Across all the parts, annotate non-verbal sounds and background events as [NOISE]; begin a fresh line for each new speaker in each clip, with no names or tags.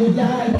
mu jaay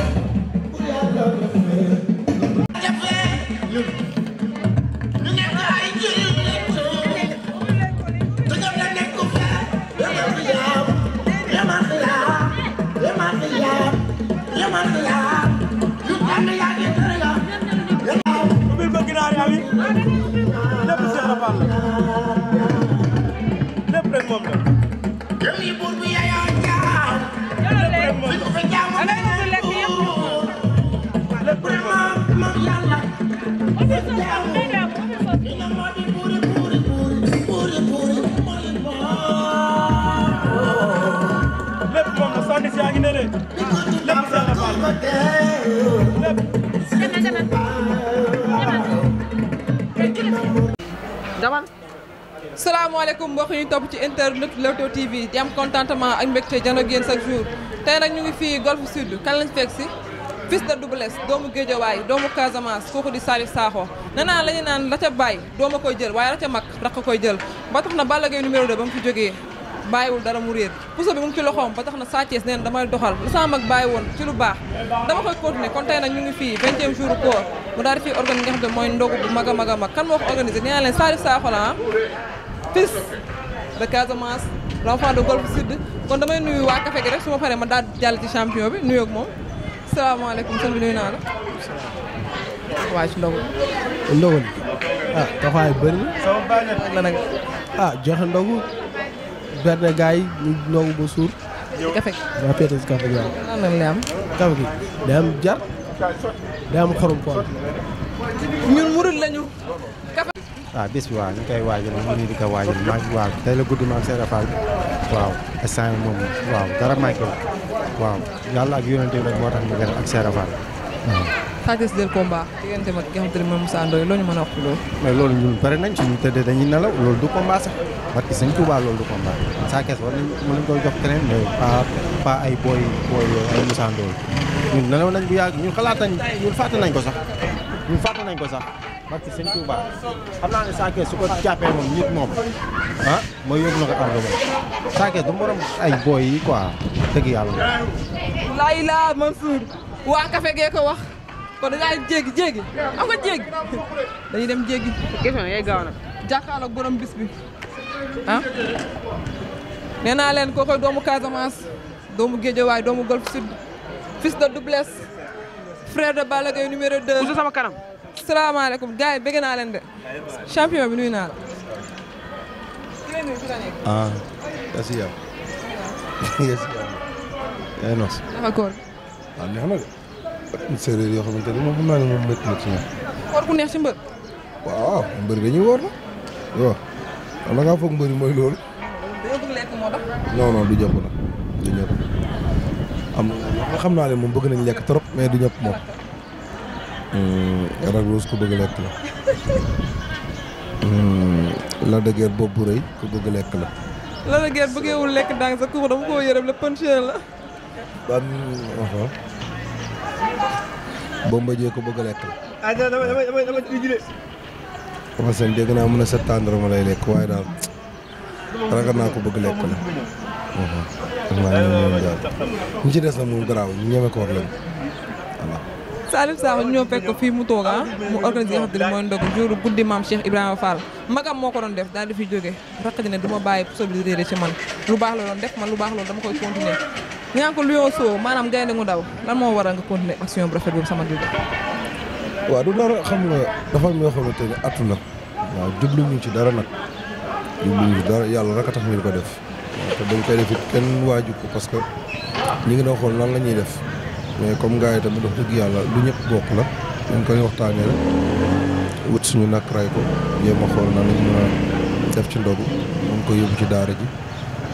salaamaaleykum mbokk ñu topp ci internet Leewtoo TV di am contentement ak mbégte jano ak yéen chaque jour tey nag ñu ngi fii Golf Sud kan lañ fekk si fils de Double Less doomu Géejawaay doomu Casamance kooku di Salif Sakho nee naa la ñu naan la ca bàyyi doom a koy jël waaye la ca mag rakk koy jël ba tax na Balla Gaye numéro 2 ba mu fi jógee bàyyiwul dara mu réer puso bi mu ngi ci loxoom ba tax na Sa Thiès neen damay doxal lu sama mag bàyyi woon ci lu baax dama koy continuer kon tey ñu ngi fii vingtième jour koor mu daal di mooy ndogu mag mag a mag kan moo ko organisé nee naa fils de Casamance l'enfant de Golf Sud kon damay nuyu waa café gi rek su ma paree ma daal jàll ci champion bi nuyu ak moom salaamaaleykum sëñ bi nuyu naa la. waaw ci ndogu.
ndogu li ah la ah, joxe ndogu berne gars ñu ndogu ba suur.
ci gi
waaw peete si café gi waaw. lan lan lay am. café gi day am jar day am xorom pool.
ñun murid lañu.
waaw ah, bis bi waaw ñu koy waajal ñu ngi di ko waajal maa waaw tey la guddi maam Seera Fall waaw instant moom waaw dara manqué waaw yàlla ak yonente bi rek moo tax ñu gën ak Seera Fall waaw.
Sathies del Combat diggante ma ki xam te ne moom Moussa loolu.
mais loolu ñun pare nañ suñu tëddee dañuy nelaw loolu du combat sax parce que Sëñ Tuubaa loolu du combat Sathies war nañ mën nañ ko jox keneen mais pas pas ay booy booy ay Moussa Ndoye ñun nelaw nañ bu yàgg ñun xalaat ñun fàtte nañ ko sax. ko sax barke sëñ Touba xam naa ne Sa moom nit moom ah mooy na ko ardo moom Sa Thiès du ay booy yi quoi dëgg yàlla
laa ilaa Mansour waa café gee ko wax kon dañaa jéggi jéggi am nga jéggi dañuy dem jéggi question yay gaaw na jàkkaarloog borom bis bi ah nee naa leen koo doomu Casamance doomu Guédiawaye doomu Golf Sud fils de Double Less frère de Balla Gaye numéro 2 sama kanam salaamaaleykum gars yi bëgg naa leen de. champion bi nuyu naa la.
ah. merci yaa ngi noos. koor. waaw ah, neex na de. séeréer yoo xamante ne moom xam naa ne moom métti
koor ku ci mbër.
waaw mbër dañuy woor la. waaw. xam nga mbër yi mooy loolu. dañoo du jàpp nag du am na xam naa ne moom bëgg nañ lekk trop mais du ñëpp moom. Lac Rose ku bëgg lekk la. Lac de Guiers bopp lekk la.
Lac de Guiers bëggeewul lekk dang sa ku dama koo yërëm la puncheur la.
ban waxoon. ku bëgg lekk la. ah dama dama dama dama jëlee. Eumeu naa mën a septendre ma lay lekk waaye daal ragal naa ko bëgg lekk la. waaw xam naa ne moom daal ci des na moom garaaw ñu ñeme koor lañu.
Salif Sakho ñu ñëw fekk ko fii mu toog ah, mu organisé yoo xam mooy ndogu jour guddi maam Cheikh Ibrahima Fall magam moo ko doon def daal di fi jóge raq dina du ma bàyyi puso bi réeré ci man lu baax la doon def lu baax loolu dama koy continuer ñu naan ko Lion Soo maanaam gaynde ngu daw lan moo waral nga continuer action bu rafet boobu sama dugg.
waaw du dara xam nga dafa am yoo xamante ne atu la waaw jubluñu ci dara nag jubluñu ci dara yàlla rek a tax ñu ko te dañ koy def it kenn waaju ko parce que ñu ngi doon xool lan la ñuy def mais comme ngaa yi tamit wax dëgg yàlla lu ñëpp bokk la dañ koy waxtaanee rek wut suñu nag ray ko jéem a xool def ci ndogu mun ci daara ji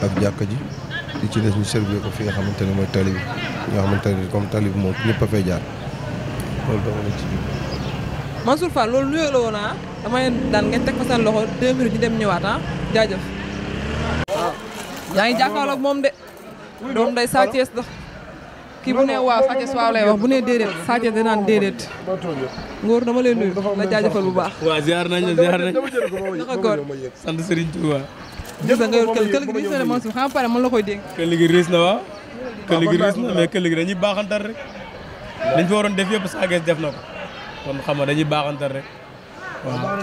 ak jàkka ji di ci des ñu servir ko fi nga xamante ne mooy tali bi nga xamante comme tali bi moom ñëpp a fay jaar loolu
dama loolu nuyoo la ah, daan ngeen teg fa seen loxo deux minutes dem ñëwaat ah, ah yaa ngi jàkkaarloog moom de. doom day Sa Thiès la. kii bu ne waaw Sathiès waaw lay wax bu ne déedéet Sathiès danaan déedéet Ngor dama lay bu baax
waaw na de
Mansour xam pare mën la koy dégg
kël gi riis na waaw ah, kël gi riis na mais kël gi dañuy baaxantal rek dañ fa waroon def yëpp Sathiès def na ko kon xam nga dañuy baaxantal rek waaw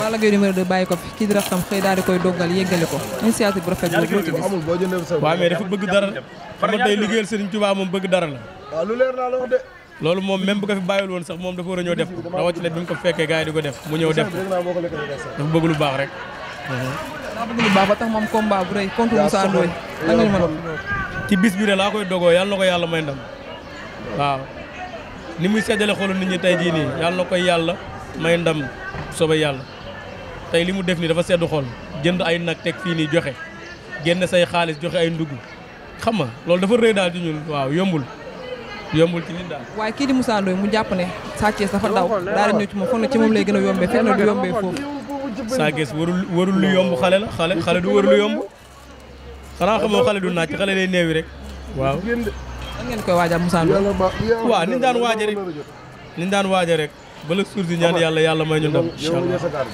Balla Gaye numéro 2 bàyyi ko fi kii di raxam xëy daal di loo ci moom
bëgg dara la waaw lu leer naa la wax de loolu moom même bu ko fi bàyyil woon sax moom dafa war a ñëw def ko mu ko fekkee gars yi di ko def mu ñëw def ko dafa bëgg lu baax rek ci bis bi de laa koy dogoo yàlla ko yàlla may ndam waaw ni muy seddale xolu nit ñi tey jii nii yàlla na koy yàlla may ndam soobee yàlla tey li mu def nii dafa seddu xol jënd ay nag teg fii nii joxe génn say xaalis joxe ay ndugg xam nga loolu dafa rëy daal di ñun waaw yombul yombul ci nit daal.
waaye kii di Moussa mu jàpp ne Sa Thiès dafa daw daal di ñëw ci moom na ci moom lay gën a yombee fekk na du yombee foofu. Sa
Thiès warul warul lu yomb xale la xale xale du warul lu yomb xanaa xamoo xale du naaj xale lay néewi rek waaw. nan
ngeen koy waajal Moussa Ndoye. waaw ni ñu daan waajal
rek ni ñu daan waajal rek. ba la suur si ñaan yàlla yàlla may ñu ndam incha allah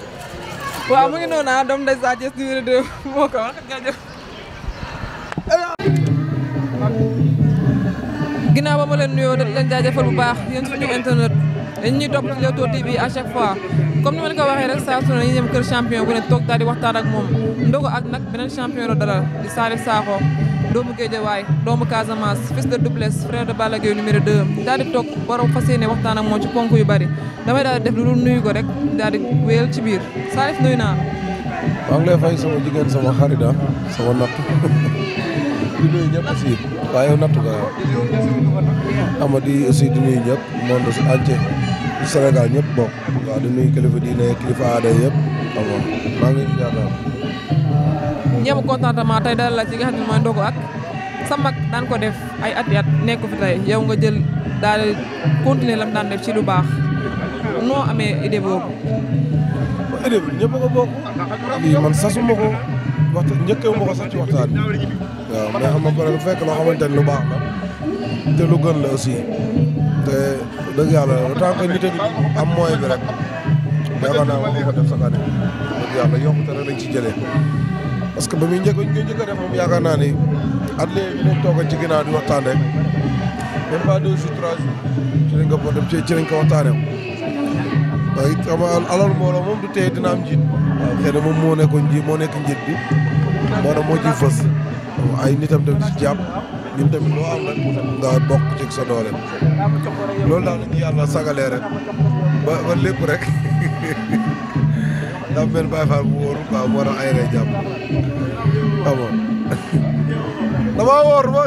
waaw mu ngi noonu ah doom day Sa Thiès numéro 2 moo ko wax jaajëf. ginnaaw ba ma leen nuyoo dañ leen jaajëfal bu baax yéen suñu internet dañ ñuy topp ci Leewtoo TV à chaque fois comme ni ma leen ko waxee rek saa su ne ñu dem kër champion bu ne toog daal di waxtaan ak moom ndogu ak nag beneen champion la dalal di Salif Sakho. doomu Géejawaay doomu Casamance fils de Double Less frère de Balla Gaye numéro 2 daal di toog borom fas yéene waxtaan ak ci ponk yu bari damay daal di def lu dul nuyu ko rek daal di wéyal ci biir Salif nuyu naa la.
maa ngi lay fay sama jigéen sama xarida ah, sama natt [LAUGHS] di nuyu ñëpp aussi waaye natt nga Amady aussi di nuyu ñëpp monde entier du Sénégal ñëpp bokk waaw di nuyu kilifa diine kilifa aada yëpp xam maa ngi leen
jéem a contentement tey dalal la ci nga xam ne mooy ndogu ak sa mag ko def ay at at nekk fi tey yow nga jël daal di continuer daan def ci lu baax
noo amee idée boobu. waaw idée bi ñëpp man sasuma ko waxta njëkkee ma ko sax ci waaw mais xam pare bu fekk loo xamante ni lu baax la te lu gën la aussi te dëgg yàlla tant que nit a am moyen bi rek yaakaar naa wax def sa kanam dëgg yàlla yokkute rek lañ ci jëlee. parce que ba muy njëkk ñu koy njëkk a def moom yaakaar toog ci ginnaaw di rek même pas deux ci lañ ko boo dem ci lañ mbooloo moom du tey dina am moom moo nekkoon njiit nekk njiit bi moo tax moo ciy ay nitam tamit di si jàpp loo am rek nga bokk ci sa doole loolu daal la yàlla sagalee ba ba rek daa mel Baye Fall bu wóoru quoi moo tax ay lay jàpp xam nga damaa wóor ma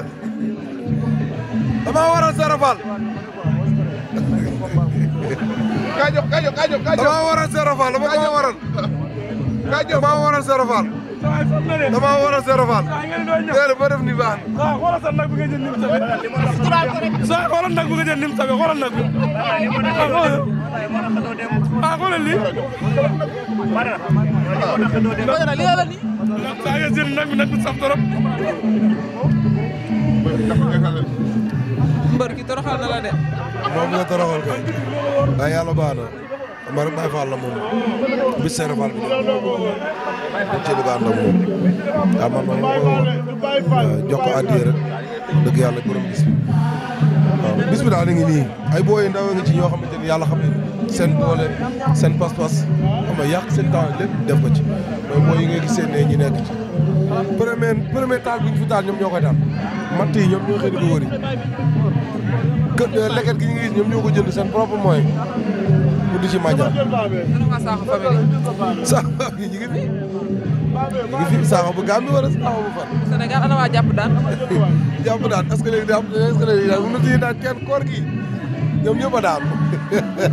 damaa waral Serap Fall. kaa jox kaa jox kaa jox kaa jox damaa waral Serap Fall dama koo waral. kaa jox damaa waral Serap Fall. damaa waral Serap Fall. déedéet ba def ni baax na. waaw xoolal sa nag bi nga jël ni mu tawee. xoolal nag bi nga jël ni mu tawee xoolal nag bi.
ah xoolal lii. Badara lii la nii.
saa yoo jël nag mi nag mi saf trop. mbër gi toroxal na la de. moom la toroxal kay. waaw yàlla baax na. mbar Baye Fall la moom. bi Seydou Fall bi la moom. ci bëgg ànd ak moom. waaw man ma jox ko addiya rek. dëgg yàlla borom gis. bis bi daal da ngi nii ay booy ndaw nga ci ñoo xamante ni yàlla xam ne seen doole seen pas-pas xam nga yàq seen temps lépp def ko ci mooy mooy yi nga gis seen ne ñi nekk ci premier taal bi ñu fi taal ñoom ñoo koy taal matt yi ñoom ñoo xëy di ko euh, gi ñu ngi gis seen propre mooy pour di ci màjjal sax ñu ngi [LAUGHS] ñu ngi fi jàpp daan. jàpp daan que léegi daa est ce que léegi daal mënut a a daan.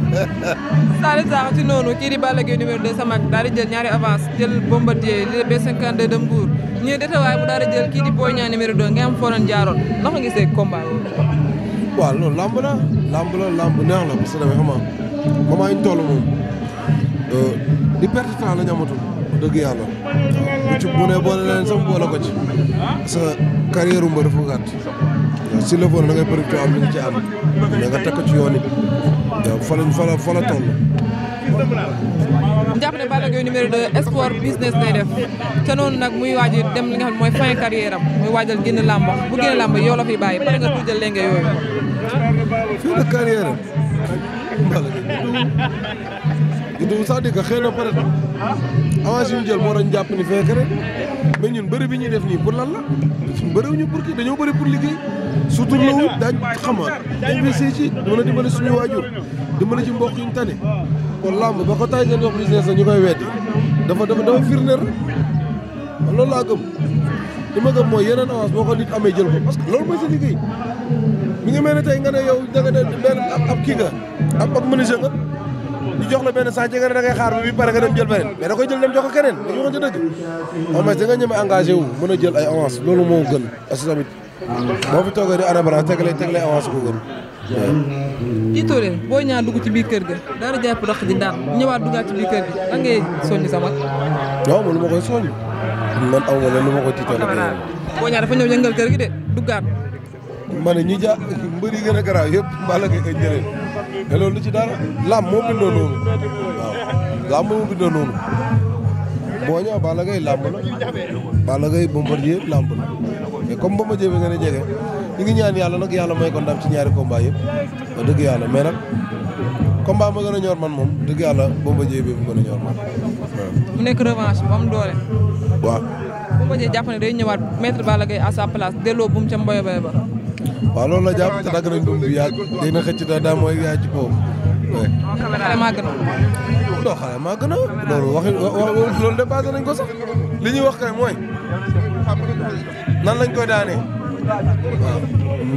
[LAUGHS] Salif Sakho si noonu kii di Balla Gaye numéro 2 sama daal di jël ñaari avance li de Mbour ñu ne detawaay bu daal di jël kii di Boy Niang numéro 2 nga am foo leen jaaroon ndax nga gisee combat boobu.
waaw loolu lamb la lamb la lamb neex la parce que dafay xam ah moment yi ñu toll euh, wax yàlla bu ci bu ne boole leen sax boole ko ci parce que carrière mbër dafa gàtt si la boole da bëri am ci am da nga ci yoon it waaw fa lañ fa la fa la toll. ñu jàpp ne Balla Gaye numéro 2 sport business
lay def te noonu nag muy waaj dem li nga xam mooy fin carrière muy waajal génn làmb bu génn làmb yow fi bàyyi pare nga tuujal lenge yooyu.
fin de carrière [LAUGHS] du cest à a que xëy na yu jël moo doon jàpp ni fekk rek mais ñun bëri bi ñuy def nii pour lan la bëriwuñu pour kii dañoo bëri pour liggéey surtout loolu daañ xama investir ci mën a dimbali suñu waajur dimbali ci mbokk yuñ tane kon làmb ba ko tay seen yox business la ñu koy weddi dafa dafa dafa firndeel loolu laa gëm li ma gëm mooy yeneen avance boo ko nit amee jël ko parce que loolu mooy sa liggéey mi ngi mel ne tey nga ne yow da nga ne benn ab kii nga ab ab menuisier nga jox la benn sax jege na da ngay xaar ba bi pare nga dem jël beneen mais da jël dem jox ko keneen dañu waxante dëgg au moins da nga ñëme engagé wu mën a jël ay avance loolu moo gën parce que tamit boo fi toogee di ana balance teg lay teg lay avance ko gën
boo ñaa dugg ci biir kër ga daar jàpp rax ji daan ñëwaat duggaat ci biir kër gi da ngay soññ sa mag
waaw lu ma koy soññ man aw ma leen lu ma koy tiital boo ñaa dafa ñëw yëngal kër gi de duggaat ma ne ja mbëri gën a garaaw yëpp mbaa la koy te loolu lu ci dara lam moo bindoo noonu waaw lam moo bindoo noonu boo ñëw Balla Gaye làmb la Balla Gaye Bombardier làmb la mais comme Bombardier bi nga jege ñu ngi ñaan yàlla nag yàlla may ko ndam ci ñaari combat dëgg yàlla ma gën a ñor dëgg yàlla Bombardier mu gën a ñor man mu
nekk revanche bu am doole waaw Bombardier jàpp ne day ñëwaat mettre Balla Gaye à sa delloo bu
waaw loolu la jàpp te dagg nañ ko bu yàgg léegi nag xëcc da daa mooy yaa ci boobu.
xale maa gën a.
non maa gën a loolu waxi loolu dépassé nañ ko sax li ñu wax kay mooy nan lañ koy daanee waaw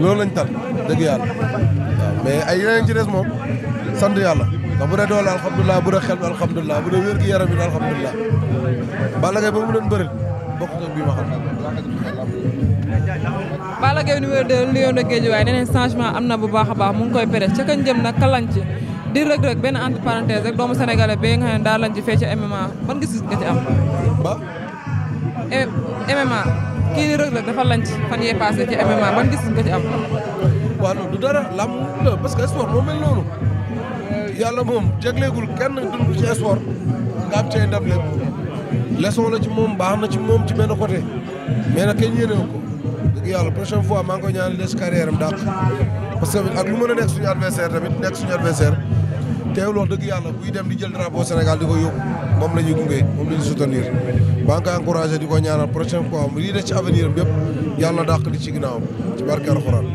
loolu lañ tal dëgg yàlla waaw ay yeneen ci des moom sant yàlla. ndax bu dee doole alhamdulilah xel bi alhamdulilah bu dee wér bi alhamdulilah Balla Gaye ba mu doon bëri bokk na bii ma xam.
Balla Gaye numéro 2 Lion de Guédiawaye nee nañ changement am na bu baax a baax mu ngi koy péré ca kañ jëm nag kalanc di Reug Reug benn entre parenthèse rek doomu sénégalais bi nga xam ne daal lañ ci fee ci MMA ba. MMA kii di Reug Reug dafa lanc fan yee passé ci MMA ban gis-gis
nga ci am. waaw loolu du dara lamb parce que sport moo mel noonu. yàlla moom jagleegul kenn dund ci sport nga am cee ndam lépp leçon la ci moom baax na ci moom ci benn côté mais nag kenn yéene dëgg yàlla prochaine fois maa ngi koy ñaanal des carrière am dàq parce que ak lu a nekk suñu adversaire tamit nekk suñu adversaire teewul wax dëgg yàlla buy dem di jël drapeau Sénégal di ko yóbbu moom la ñuy gunge moom la ñuy soutenir maa ngi koy encouragé di ko ñaanal prochaine fois am lii des ci avenir am yëpp yàlla dàq li ci ginnaawam ci barke alxuraan.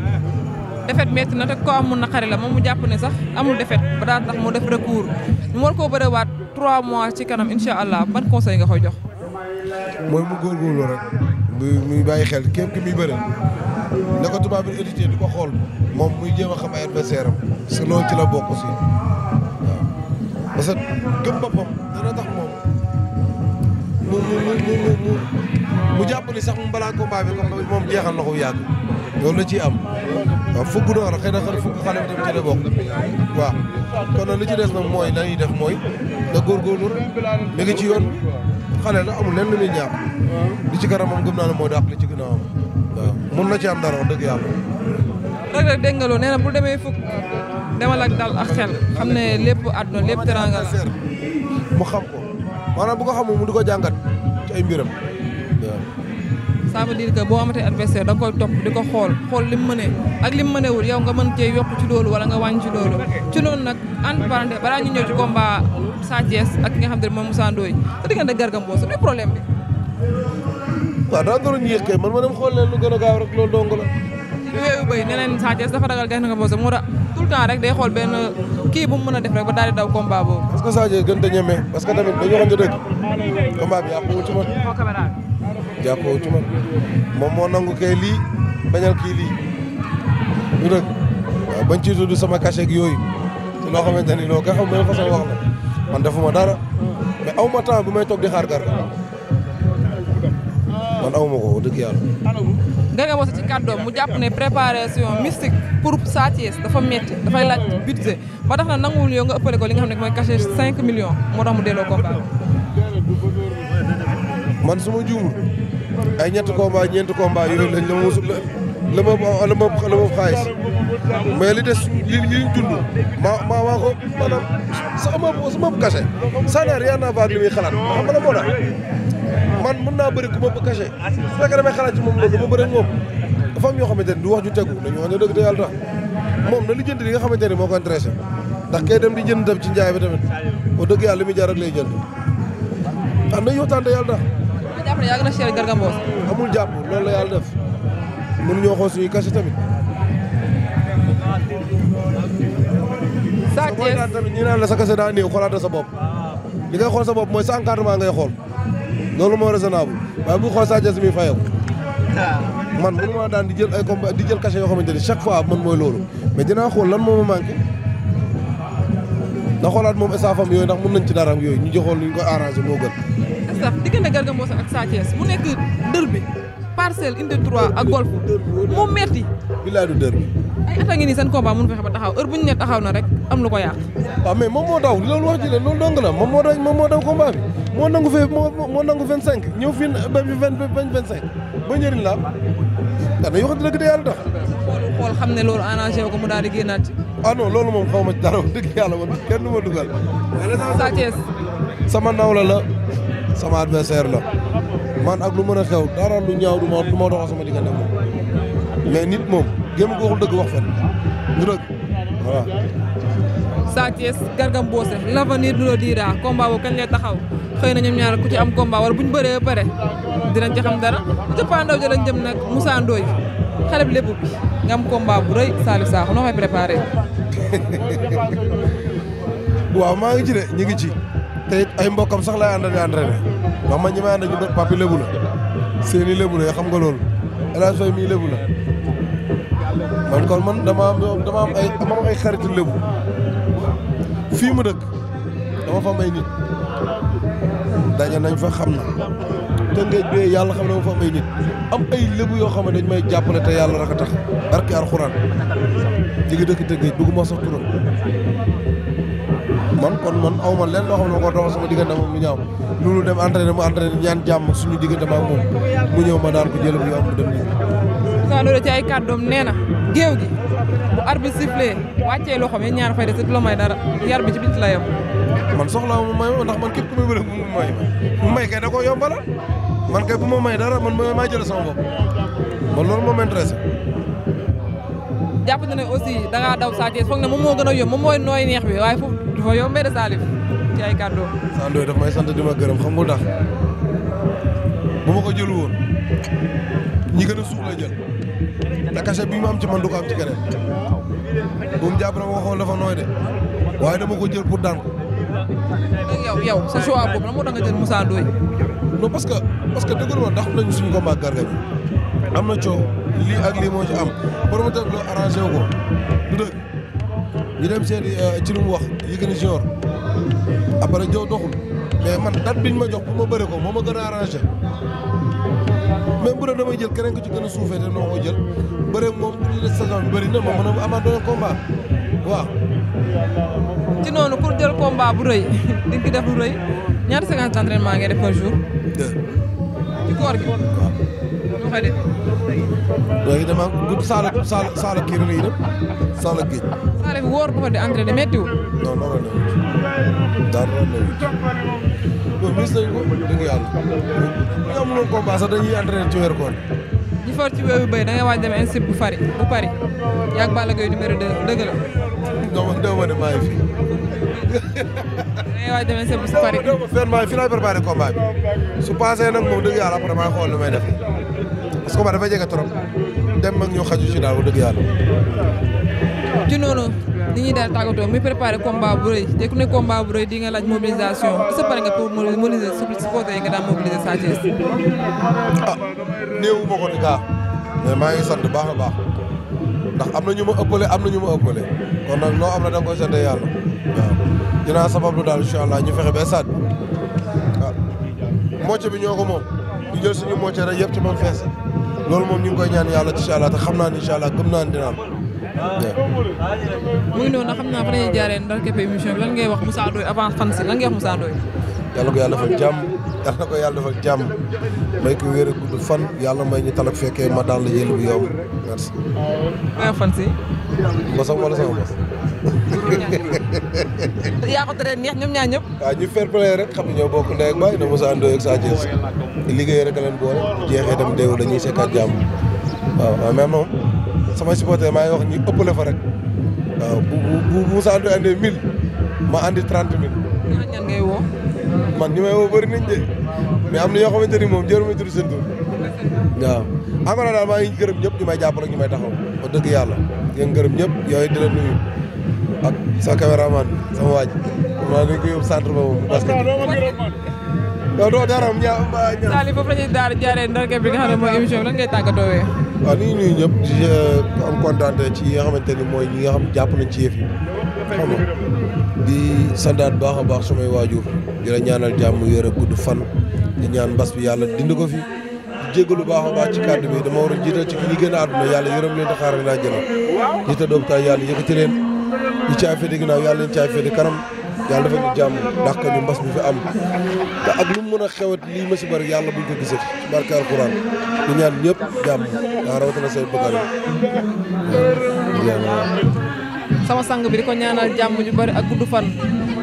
defet métti na te ko amul na xari la moom mu jàpp ne sax amul defet ba daan tax mu def recours mu ma koo bëriwaat trois mois ci kanam incha allah ban conseil nga koy jox.
mooy mu góorgóorlu rek. muy muy bàyyi xel képp ki muy bëre na ko tubaab bi di ko xool moom muy jéem a xam ay adversaire parce que loolu ci la bokk aussi waaw moom mu mu mu jàpp ni sax mu balaa combat bi comme moom jeexal na ko yàgg loolu la ciy am waaw fukk noor xëy na xëy fukk xale bi tamit ci la bokk waaw kon nag li ci des nag mooy la ñuy def mooy na ci yoon xale la amul lenn lu muy ñaax. li ci kanam moom gëm naa ne moo dàq li ci a waaw mun na ci am dara wax dëgg yàlla.
rek rek dégg nga loolu nee na bu demee fukk demal ak dal ak xel xam ne lépp
àdduna lépp teranga la mu xam ko maanaam bu ko xamul mu di ko jàngat ci ay mbiram. ça
veut dire que boo amatee adversaire da nga koy topp di ko xool xool lim ak lim mënewul nga mën cee yokk ci loolu wala nga wàññi ci loolu ci loolu nag entre parenthèse balaa ñu ñëw ci combat ak nga xam ne moom Moussa Ndoye sa diggante Garga Mbossé a rek loolu dong la yooyu béy ne leen Sa Thiès dafa ragal Garga Mbossé moo tax tout le temps rek day xool benn kii bu mu mën a def rek ba daal daw combat boobu
parce que Sa gën te parce que tamit
dañoo xam
ne jàppoo ci man moom moo nangu kay lii bañal kii lii du dëgg waaw bañ ciy tudd sama cachet yooyu te loo xamante ni loolu nga xam benn façon wax la man defuma dara mais aw ma bi may toog di xaar garga man aw ko wax dëgg yàlla.
Garga Mbossé ci mu jàpp ne préparation mystique pour Sa Thiès dafa metti dafay laaj budget ba tax na nanguwul yow li nga xam ne mooy moo tax mu delloo combat
man su ma juumul ay ñetti combat ñeenti combat yooyu lañ la ma mosul la ma la ma la ma xaalis mais li des li li ñu dund maa maa kase ça n'a rien à voir li muy xalaat xam nga moo tax man mën naa bëri ku ma kase su fekkee damay xalaat moom loolu dama bëri ak moom dafa am te xamante ne du wax ju tegu dañu wax ne dëgg te yàlla tax moom na li jënd li nga xamante ni moo ko intéressé ndax kay dem di jënd tam ci njaay bi tamit wax dëgg yàlla li muy jaar rek lay jënd ah nañu waxtaan te yàlla jàpp ne yàgg na cher Garga Mbossé amul jàpp loolu la yàlla def mënuñoo xool suñu kase tamit. Sa Thiès tamit ñu naan la sa kase daa néew xoolaata sa bopp. li ngay xool sa bopp mooy sa encadrement ngay xool loolu moo raisonnable waaye bu xool Sa Thiès mi fayoo ah. man mënu maa daan di jël ay jël cachet yoo xamante ni chaque fois man mooy loolu mais dinaa xool lan moo ma manqué. na xoolaat moom estafam yooyu ndax mën nañ ci dara yooyu ñu joxoon lu ñu ko arrangé moo gën.
estaf diggante Garga Mbossé ak Sa Thiès mu nekk dër bi parcelle unité 3 ak golf mu metti.
bilaay du dër bi.
ay at a ngi nii seen combat mun fexe ba taxaw heure bu ñu ne taxaw na rek am lu ko yàq.
waaw moom moo daw loolu wax ji la loolu dong la moom moo daw moom moo daw combat bi moo nangu fee moo moo nangu 25 ñëw fii ba 20 25 ba njëriñ la ah dañuy wax dëgg de xam ne loolu arrangé ko mu daal di génnaat ci. ah loolu moom xaw ma ci dara dëgg yàlla man kenn du ma dugal. Sa sama nawla la sama adversaire la man ak lu mën a xew dara lu ñaaw du ma du ma doxal sama diggante mais nit moom gémm ko waxul dëgg wax fen du dëgg voilà.
Sa Thiès Garga Mbossé l'avenir nous le dira combat boobu kañ lay taxaw xëy na ñoom ñaar ku ci am combat wala bu ñu bëree ba pare dinañ ci xam dara jëppaandaw ja lañ jëm nag Moussa xale bi lépp bi nga am combat bu rëy Salif
[LAUGHS] waaw maa ngi ci de ñu ngi ci te ay mbokkam sax laay àndal di entraîné ndax man ñi may àndal ñu papi lébu la seeni lébu la xam nga loolu El Hadj Faye mii lébu man kon man dama am dama am ay dama am ay xaritu mu dëkk dama fa may nit daje nañ fa xam na tëngeej bi yàlla xam ne ma fa am ay nit am ay lébu yoo xam ne dañ may jàppale te yàlla rek a tax barke alxuraan ñi ngi dëkk tëngeej bëgguma sax turam man kon man aw ma leen loo xam ne ma ko doxal sama diggante moom lu ñaaw mu ñaan jàmm suñu diggante maak moom mu ñëw ma daan ko jëlam yu am mu dem nii
Moussa Ndoye ci ay na géew gi bu arbitre sifflé wàccee loxoom yi ñaar fay des it la may dara bi ci biir
la yem man soxla ma may ma ndax man képp ku may bëre mu may ma mu may kay da koo man kay bu ma may dara man maa jël sama bopp loolu ma intéressé.
jàpp na ne aussi da ngaa daw Sa Thiès ne moom moo gën a yomb moom mooy nooy neex bi waaye foofu dafa yombee de Salif ci ay kàddoom.
Sando daf may sant di ma gërëm xam nga ndax bu ko jël woon ñi gën a suuf la jël te cachet bi mu ci man du ci keneen bu mu jàpp na ma waxoon dafa nooy de waaye dama ko jël pour daan ko. yow yow sa choix boobu la moo tax jël Moussa Ndoye. non parce que parce que dëgg la dàq nañu suñu combat garga bi am na coow lii ak lii moo ci am promoteur bi la arrangé wu ko du dem seeti euh, ci lu wax Yékini Junior après jow doxul mais man date biñ ma jox pour ma bëri ko moom ma gën a arrangé même bu dee damay jël keneen ku ci gën a suufee te noo ko jël bëri moom bu ñu saison bëri na ma mën a amaat doon combat waaw. ci noonu pour
jël combat bu rëy [LAUGHS] di nga ko def lu rëy ñaata séquence d'entraînement ngay def par jour. 2.
ci koor gi. waaw. ñu koy def. léegi damaa gudd saala saala saala kii rek la saala géej.
saala bi wóor bu fa di entraîné méttiwul.
non non non dara newul. loolu gis nañu ko dëgg yàlla. bu ñu amuloon combat sax dañuy entraîné ci weeru koor. ñi for ci wéeru béy da ngay waaj demee INSEP bu fari bu Paris yàgg Balla Gaye numéro 2 dëgg la. non man dama ne maa ngi [LAUGHS] waaw damay sëb su pare. maa fi laay préparé combat bi su passé dëgg yàlla après maa xool lu may def ba dafa jege trop dëgg yàlla.
ci noonu ni ñuy daal tàggatoo muy préparé combat bu rëy te ku ne combat di nga laaj mobilisation est-ce que pare nga pour Sa Thiès.
ah néew ko di gaa mais maa ngi baax a baax ndax am na ñu ma ëppale am na ñu ma ëppale kon nag loo am na da nga koy sant dinaa sabablu daal incha allah ñu fexe ba bi waaw ñoo ko moom ñu jël suñu mocce rek yëpp ci moom fees loolu moom ñu ngi koy ñaan yàlla incha allah te xam naa ne incha allah gëm naa ne dina am.
muy noonu xam naa fa la ñuy jaaree ndar képp émission lan ngay wax Moussa Ndoye avant si lan ngay wax
yàlla ko yàlla defal jàmm yàlla ko yàlla defal jàmm may ko wéer a gudd fan yàlla may ñu talak fekkee ma daan la yël bu yomb merci. fan si. mosam wala sama mos. [LAUGHS] yaa ko teree neex ñoom ñaar ñëpp. waaw ñu fair play rek xam ne ñoo bokk ndey ak baay na Moussa Ndoye ak Sa Thiès liggéey rek a leen boole jeexee tam déew dañuy sekkaat jàmm waaw waaw mais moom sama supporter ma ngi ñu ëppale fa rek waaw bu bu bu Moussa Ndoye andee ma andi trente mille.
ñooñu ñan ngay woo.
man ñu may woo bëri nañ de mais am na yoo xamante ni moom jërëma tudd seen tur waaw encore daal maa ngi gërëm ñëpp ñu may jàppale ñu may taxaw wax dëgg yàlla ngeen gërëm ñëp yooyu di la nuyu ak sa caméraman sama waaj maa ngi koy yóbbu centre boobu bu basket non non dara mu ñaax mbaa ñaax. Sali
foofu la ñuy daal jaaree ndarke bi nga xam ne mooy émission bi lan ngay tàggatoo wee.
waaw ñu ngi nuyu ñëpp di euh, am kontaan ci yi nga xamante ni mooy ñi nga xam jàpp nañ ci yëf yi xam nga di sandaat baax a baax sumay waajur di la ñaanal jàmm yore gudd fan di ñaan mbas bi yàlla dindi ko fi. jéggalu baax a baax ci kàddu bi dama war a jiital ci ki ñi gën a àdduna yàlla yërëm leen te xaaral laa jëloon jiital doomu taay yàlla yëkkati leen. ñi caay féete ginnaaw yàlla leen caay féete kanam yàlla dafa jàmm ndax ko ñu mbas mi fi am te ak lu mu mën a xewet lii ma si bari yàlla buñ ko gisee ci barke alxuraan ñu ñaan ñëpp jàmm daa rawatina say bëggal
sama sang bi di ko ñaanal jàmm ju bari ak gudd fan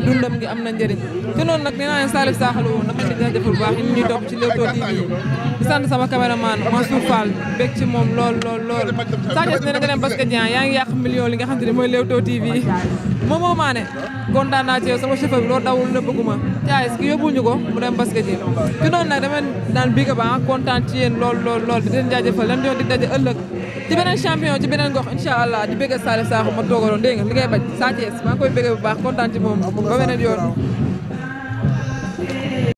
dundam gi am na njëriñ te noonu nag nee naa leen Salif Saxal woon dama ci jaajëfal bu baax ñu ñuy topp ci Leewtoo TV di sant sama caméraman Mansour Fall bég ci moom lool lool lool Sadio nee na nga dem Basket Dieng yaa ngi yàq li nga xam te ne mooy Leewtoo TV yi moom moo maa ne kontaan naa ci yow sama chauffeur bi loolu dawul na bëgguma caay ki yóbbul ñu ko mu dem Basket Dieng te noonu nag dama daan biig a ah, baax kontaan ci yéen lool lool lool di leen jaajëfal lan yoon di daje ëllëg ci beneen champion ci beneen gox incha allah di bëgg Salif Sakho ma toogaloon dégg nga li ngay bañ Sa koy bëgg bu baax kontaan ci moom ba beneen yoon